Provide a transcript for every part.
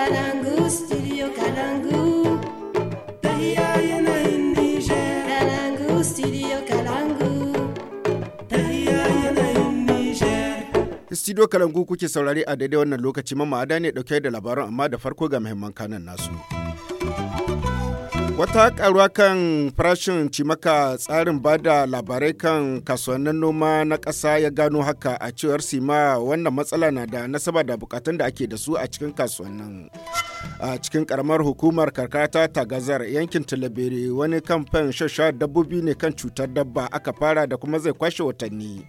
Kalangu, studio Kalangu. Tahiya yanayin Nijar. Kalangu, studio Kalangu. Tahiya yanayin Nijar. Studio Kalangu kuke saurari a daidai wannan lokaci mamma ada ne dauke da labaran amma da farko ga mahimman kanan nasu. Wata karuwa kan farashin cimaka tsarin bada labarai kan kasuwannin noma na ƙasa ya gano haka a cewar sima wannan matsala na da nasaba da bukatun da ake da su a cikin kasuwannin. a cikin karamar hukumar karkata ta gazar yankin talabiri wani kamfen shasha dabbobi ne kan cutar dabba aka fara da kuma zai kwashe watanni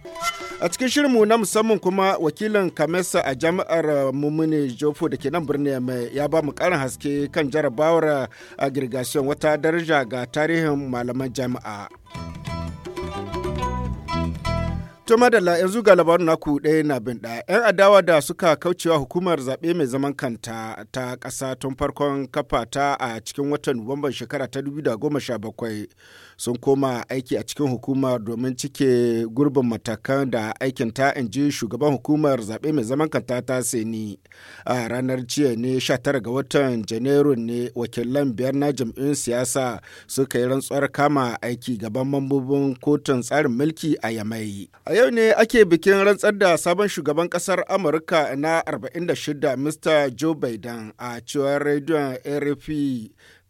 a cikin shirinmu na musamman kuma wakilin kamesa a jami'ar uh, mumuni jofo da ke nan birnin mai ya ba mu karin haske kan jarabawar uh, agirgasiyon wata daraja ga tarihin malaman jami'a. To madalla yanzu ga labarin naku ɗaya na bin ɗaya. 'Yan adawa da suka kaucewa hukumar zaɓe mai zaman kanta ta ƙasa tun farkon kafa ta a cikin watan Nuwamban shekara ta 2017 sun koma aiki a cikin hukumar domin cike gurbin matakan da aikin ta in ji shugaban hukumar zaɓe mai zaman kanta ta seni. A ranar jiya ne 19 ga watan Janairu ne wakilan biyar na jam'iyyun siyasa suka yi rantsuwar kama aiki gaban mambobin kotun tsarin mulki a Yamai. A yau ne ake bikin rantsar da sabon shugaban kasar Amurka na 46 Mr. Joe Biden a cewar rediyon arp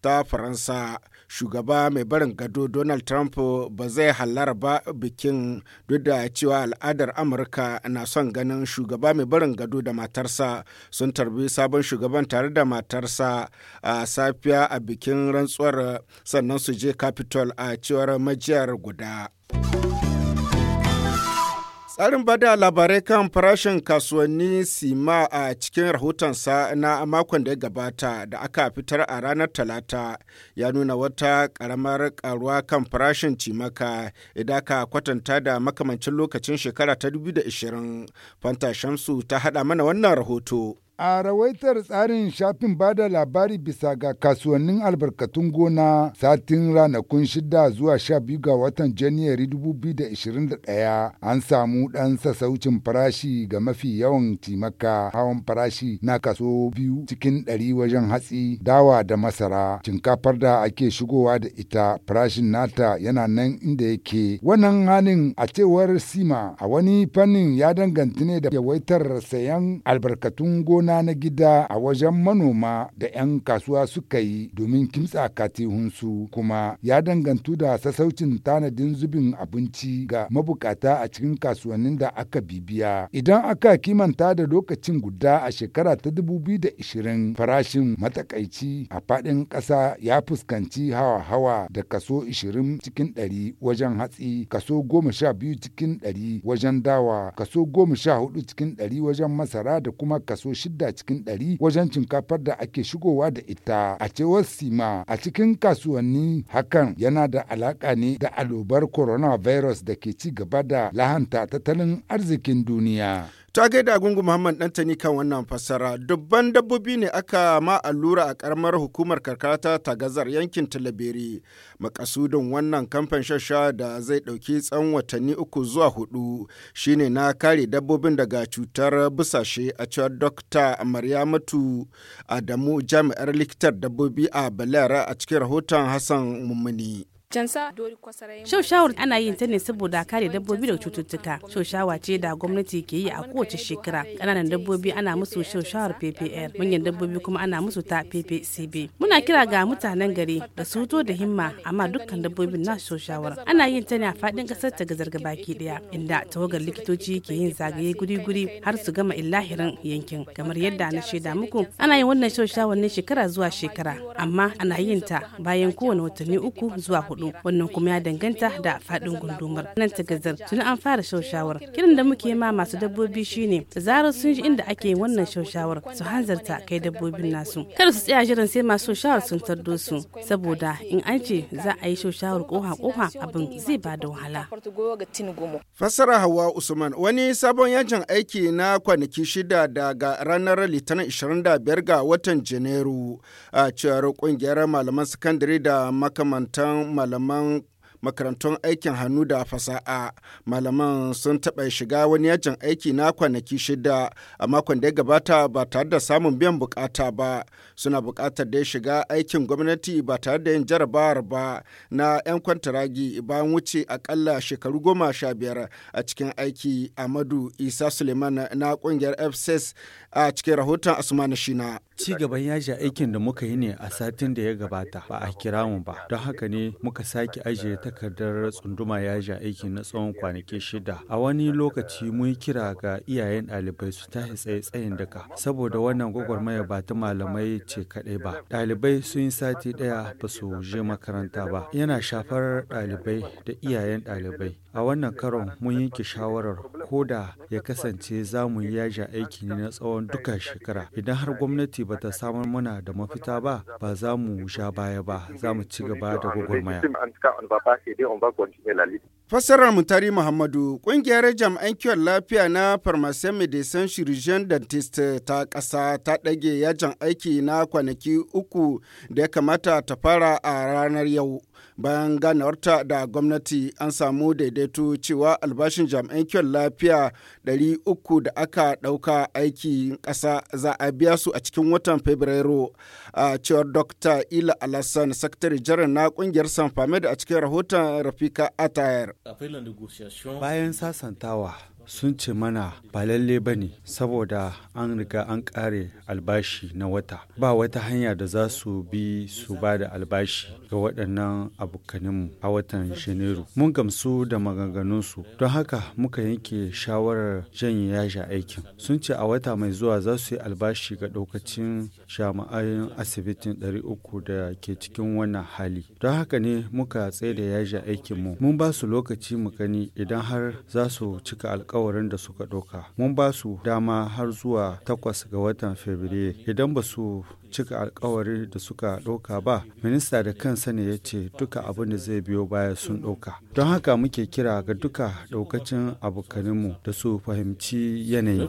ta Faransa. Shugaba mai barin gado Donald Trump ba zai hallara ba bikin duk da cewa al'adar Amurka na son ganin shugaba mai barin gado da matarsa sun tarbi sabon shugaban tare da matarsa a safiya a bikin rantsuwar sannan su je Capitol a cewar majiyar guda. Tsarin bada labarai kan farashin kasuwanni Sima a cikin rahotonsa na makon da ya gabata da aka fitar a ranar Talata ya nuna wata karamar karuwa kan farashin cimaka idan ka kwatanta da makamancin lokacin shekara ta 2020. Fanta Shamsu ta hada mana wannan rahoto. A rawaitar tsarin shafin bada labari bisa ga kasuwannin albarkatun gona satin ranakun 6 zuwa sha biyu ga watan Janairu 2021 an samu ɗan sassaucin farashi ga mafi yawan timaka. hawan farashi na kaso biyu cikin ɗari wajen hatsi, dawa da masara, cinkafar da ake shigowa da ita farashin nata yana nan inda yake. Wannan halin a cewar Sima a wani fannin ya danganta ne da yawaitar sayan albarkatun gona gona na gida a wajen manoma da 'yan kasuwa suka yi domin kimtsa katihunsu kuma ya dangantu da sassaucin tanadin zubin abinci ga mabukata a cikin kasuwannin da aka bibiya. Idan aka kimanta da lokacin guda a shekara ta 2020 farashin matakaici a faɗin ƙasa ya fuskanci hawa-hawa da kaso 20 cikin 100 wajen hatsi, kaso 12 cikin 100 wajen dawa, kaso 14 cikin 100 wajen masara da kuma kaso 6 shida cikin ɗari wajen cinkafar da ake shigowa da ita a cewar sima a cikin kasuwanni hakan yana da alaƙa ne da alobar coronavirus da ke ci gaba da lahanta tattalin arzikin duniya. Ta gaida gungu Muhammad Dantani kan wannan fassara, dubban dabbobi ne aka ma allura a karamar hukumar karkara ta tagazar yankin talabiri Makasudin wannan kamfan shasha da zai ɗauki tsawon watanni uku zuwa hudu shine na kare dabbobin daga cutar busashe a cewar Dokta Maryamatu Adamu jami'ar likitar dabbobi a Balera a cikin rahoton Hassan Mummuni. Jansa shawar ana yin ta ne saboda kare dabbobi da cututtuka. Shaushawa ce da gwamnati ke yi a kowace shekara. kananan dabbobi ana musu shaushawar PPR, manyan dabbobi kuma ana musu ta PPCB. Muna kira ga mutanen gari da su to da himma amma dukkan dabbobi na shawar Ana yin ta ne a faɗin ƙasar ta gazar baki ɗaya, inda tawagar likitoci ke yin zagaye guri-guri har su gama illahirin yankin. Kamar yadda na shaida muku, ana yin wannan shau shawar ne shekara zuwa shekara, amma ana yin ta bayan kowane watanni uku zuwa hudu. hudu wannan kuma ya danganta da faɗin gundumar nan ta gazar tuni an fara shaushawar kiran da muke ma masu dabbobi shine da zarar sun ji inda ake wannan shaushawar su hanzarta kai dabbobin nasu kada su tsaya jiran sai masu shawar sun tardo su saboda in an ce za a yi shaushawar koha koha abin zai ba da wahala fasara hawa usman wani sabon yajin aiki na kwanaki shida daga ranar litinin 25 ga watan janairu a cewar kungiyar malaman sakandare da makamantan malaman malaman makarantun aikin hannu da fasa'a malaman sun taɓa shiga wani yajin aiki na kwanaki shida a makon da ya gabata ba tare da samun biyan bukata ba suna bukatar da ya shiga aikin gwamnati ba tare da yin jarabawar ba na 'yan kwantaragi bayan wuce akalla shekaru goma sha biyar a cikin aiki amadu isa suleiman na kungiyar fcs a cikin rahoton asmani shina ci gaban yaji aikin da muka yi ne a satin da ya gabata ba a kira mu ba don haka ne muka sake ajiye ta takardar tsunduma yajin aiki na tsawon kwanaki shida a wani lokaci mun kira ga iyayen ɗalibai su tashi tsaye tsayin daka saboda wannan gwagwarmaya ba ta malamai ce kaɗai ba ɗalibai sun yi sati ɗaya ba su je makaranta ba yana shafar ɗalibai da iyayen ɗalibai a wannan karon mun yanke shawarar ko da ya kasance za mu yi yajin aiki na tsawon duka shekara idan har gwamnati ba ta samar mana da mafita ba ba za mu sha baya ba za mu ci gaba da gwagwarmaya et on va continuer la liste. Fassarar Mutari Muhammadu, ƙungiyar jami'an kiwon lafiya na Pharmacien Medecins Chirurgiens Dentist ta ƙasa ta ɗage yajin aiki na kwanaki uku da ya kamata ta fara a ranar yau. Bayan ganawarta da gwamnati an samu daidaito cewa albashin jami'an kiwon lafiya 300 da aka ɗauka aikin ƙasa za a biya su a cikin watan Fabrairu. A cewar Dr. Ila Alassan, Sakatare Jiran na ƙungiyar da a cikin rahoton Rafika Atayar. akwai negotiation bayan sasantawa sun ce mana ba lalle ba ne saboda an riga an kare albashi na wata ba wata hanya da za su bi su ba da albashi ga waɗannan abokaninmu a watan janairu mun gamsu da maganganunsu don haka muka yanke shawarar janye yaja aikin sun ce a wata mai zuwa za su yi albashi ga ɗaukacin jami'an asibitin 300 da ke cikin wannan hali don haka ne muka tsaye da yaja aikinmu mun ba su lokaci mu gani idan har za su cika alkawari alkawarin da suka ɗauka mun ba su dama har zuwa takwas ga watan fabrairu idan ba su cika alkawari da suka ɗauka ba minista da kansa ne ya ce duka abin da zai biyo baya sun ɗauka don haka muke kira ga duka ɗaukacin abokaninmu da su fahimci yanayi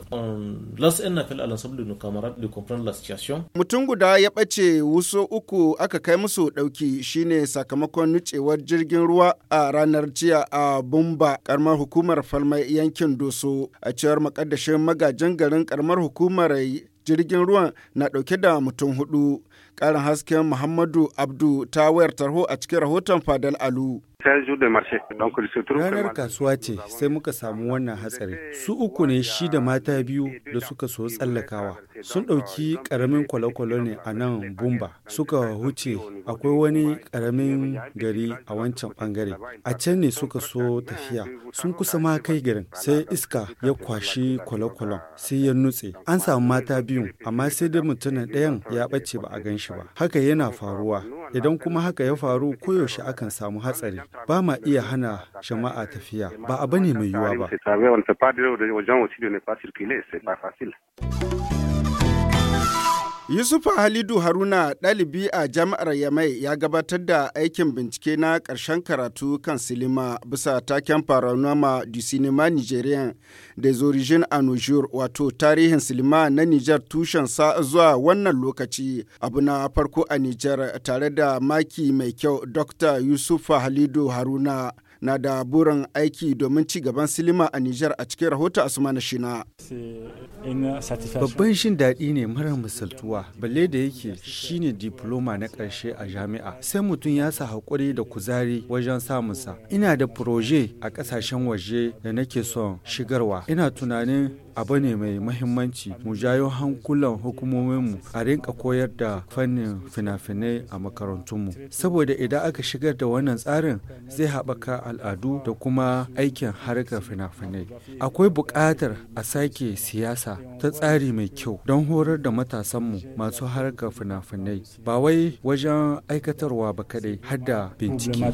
mutum guda ya ɓace wuso uku aka kai musu ɗauki shine sakamakon nucewar jirgin ruwa a ranar jiya a bumba karamar hukumar falmai yankin doso a cewar makaddashin magajin garin karamar hukumar jirgin ruwan na dauke da mutum hudu. Ƙarin hasken Muhammadu Abdu ta wayar tarho a cikin rahoton Fadal Alu. Ranar kasuwa ce sai muka samu wannan hatsari. Su uku ne shi da mata biyu da suka so tsallakawa. Sun ɗauki ƙaramin kwale ne a nan Bumba. Suka huce akwai wani ƙaramin gari a wancan ɓangare. A can ne suka so tafiya. Sun kusa ma kai garin sai iska ya kwashi kwale sai ya nutse. An samu mata biyun amma sai dai mutumin ɗayan ya ɓace ba a gan shi ba. Haka yana faruwa Idan kuma haka ya faru koyaushe akan samu hatsari. Ba ma iya hana jama'a tafiya. Ba abu ne mai yiwuwa ba. Yusufa Halidu Haruna ɗalibi a jami'ar Yamai ya gabatar da aikin bincike na ƙarshen karatu kan silima bisa taken Paranoma du Cinema Nigerian des origines a wato tarihin silima na Nijar tushen sa zuwa wannan lokaci abu na farko a Nijar, tare da maki mai kyau Dr. Yusufa Halidu Haruna na da burin aiki domin ci gaban silima a Nijar a cikin rahoto Asmana Shina. Babban shin daɗi ne mara misaltuwa, balle da yake shine diploma na ƙarshe a jami'a. Sai mutum ya sa haƙuri da kuzari wajen samunsa. Ina da proje a ƙasashen waje da nake son shigarwa. Ina tunanin abu ne mai mahimmanci mu jayo hankulan mu a rinka koyar da fannin fina-finai a makarantunmu saboda idan aka shigar da wannan tsarin zai haɓaka al'adu da kuma aikin harkar fina-finai akwai buƙatar a sake siyasa ta tsari mai kyau don horar da matasanmu masu harkar fina-finai ba wai wajen aikatarwa ba kadai har da bincike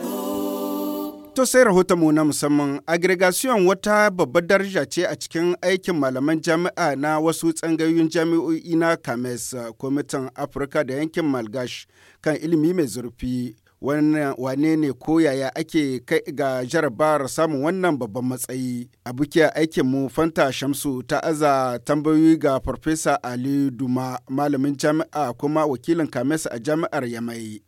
To sai mu na musamman agregation wata babbar daraja ce a cikin aikin malaman jami'a na wasu tsangayoyin jami'o'i na kames kwamitin afirka da yankin malgash kan ilimi mai zurfi wane ne ko yaya ake kai ga jarabar samun wannan babban matsayi a bukiya mu fanta shamsu ta aza tambayoyi ga farfesa ali duma malamin jami'a kuma wakilin kamesa a jami'ar yamai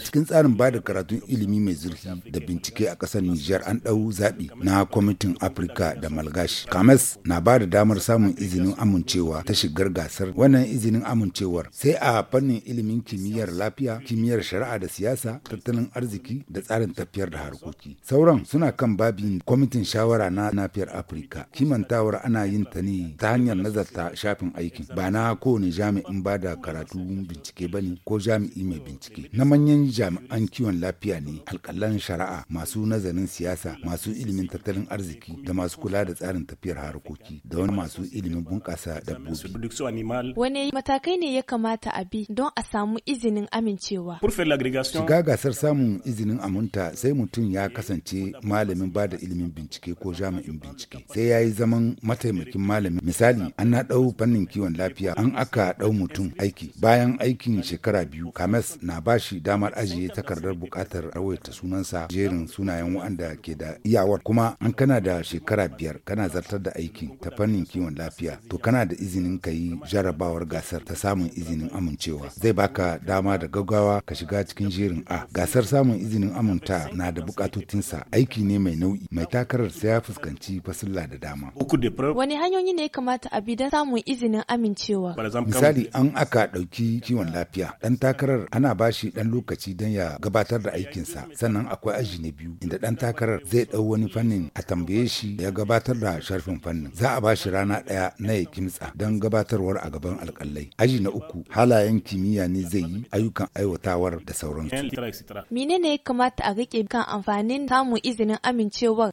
cikin tsarin ba da karatun ilimi mai zurfi da bincike a ƙasar nijar an ɗau zaɓi na kwamitin afirka da malgash kames na ba da damar samun izinin amincewa ta shigar gasar wannan izinin amincewar sai a fannin ilimin kimiyyar lafiya kimiyyar shari'a da siyasa tattalin arziki da tsarin tafiyar da harkoki sauran suna kan babin kwamitin shawara na nafiyar afirka kimantawar ana yin ta ne ta hanyar nazarta shafin aikin ba na kowane jami'in ba da karatu bincike ba ne ko jami'i mai bincike na manyan jami'an kiwon lafiya ne alkalan shari'a masu nazarin siyasa masu ilimin tattalin arziki da masu kula da tsarin tafiyar harkoki da wani masu ilimin bunƙasa dabbobi wani matakai ne ya kamata a bi don a samu izinin amincewa Shiga gasar samun izinin amunta sai mutum ya kasance malamin ba da ilimin bincike ko jami'in bincike. Sai ya yi zaman mataimakin malami. Misali, an na ɗau fannin kiwon lafiya an aka ɗau mutum aiki. Bayan aikin shekara biyu, Kames na ba shi damar ajiye takardar buƙatar rawaita sunansa jerin sunayen waɗanda ke da iyawar. Kuma an kana da shekara biyar kana zartar da aikin ta fannin kiwon lafiya. To kana da izinin ka yi jarabawar gasar ta samun izinin amincewa. Zai baka dama da gaggawa ka shiga cikin jerin A. Gasar samun izinin aminta na da bukatotinsa aiki ne mai nau'i mai takarar sai ya fuskanci fasilla da dama. Wani hanyoyi ne ya kamata a bi don samun izinin amincewa? Misali an aka ɗauki kiwon lafiya ɗan takarar ana bashi ɗan lokaci dan ya gabatar da aikinsa sannan akwai aji na biyu inda ɗan takarar zai ɗau wani fannin a tambaye shi ya gabatar da sharfin fannin za a ba shi rana ɗaya na ya kimtsa don gabatarwar a gaban alƙalai. Aji na uku halayen kimiyya ne zai yi ayyukan aiwatawar da da sauransu. Menene ya kamata a rike kan amfanin samun izinin amincewar?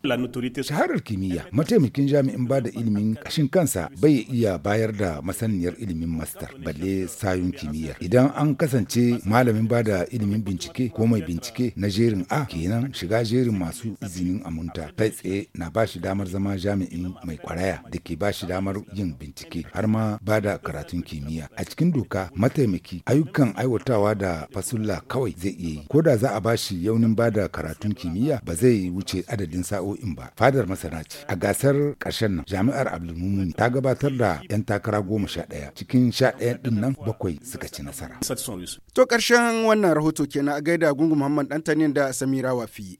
Shaharar kimiyya mataimakin jami'in ba da ilimin kashin kansa bai iya bayar da masaniyar ilimin master balle sayun kimiyya. Idan an kasance malamin ba da ilimin bincike ko mai bincike na jerin A kenan shiga jerin masu izinin amunta kai tsaye na ba shi damar zama jami'in mai kwaraya da ke ba shi damar yin bincike har ma ba da karatun kimiyya. A cikin doka mataimaki ayyukan aiwatawa da fasulla kawai zai iya yi ko da za a bashi yaunin bada karatun kimiyya ba zai wuce adadin sa'o'in ba fadar masana ce a gasar ƙarshen nan jami'ar abdulmumuni ta gabatar da 'yan takara goma sha ɗaya cikin sha ɗaya ɗin nan bakwai suka ci nasara to karshen wannan rahoto kenan a gaida gungun muhammad ɗantanin da samira wafi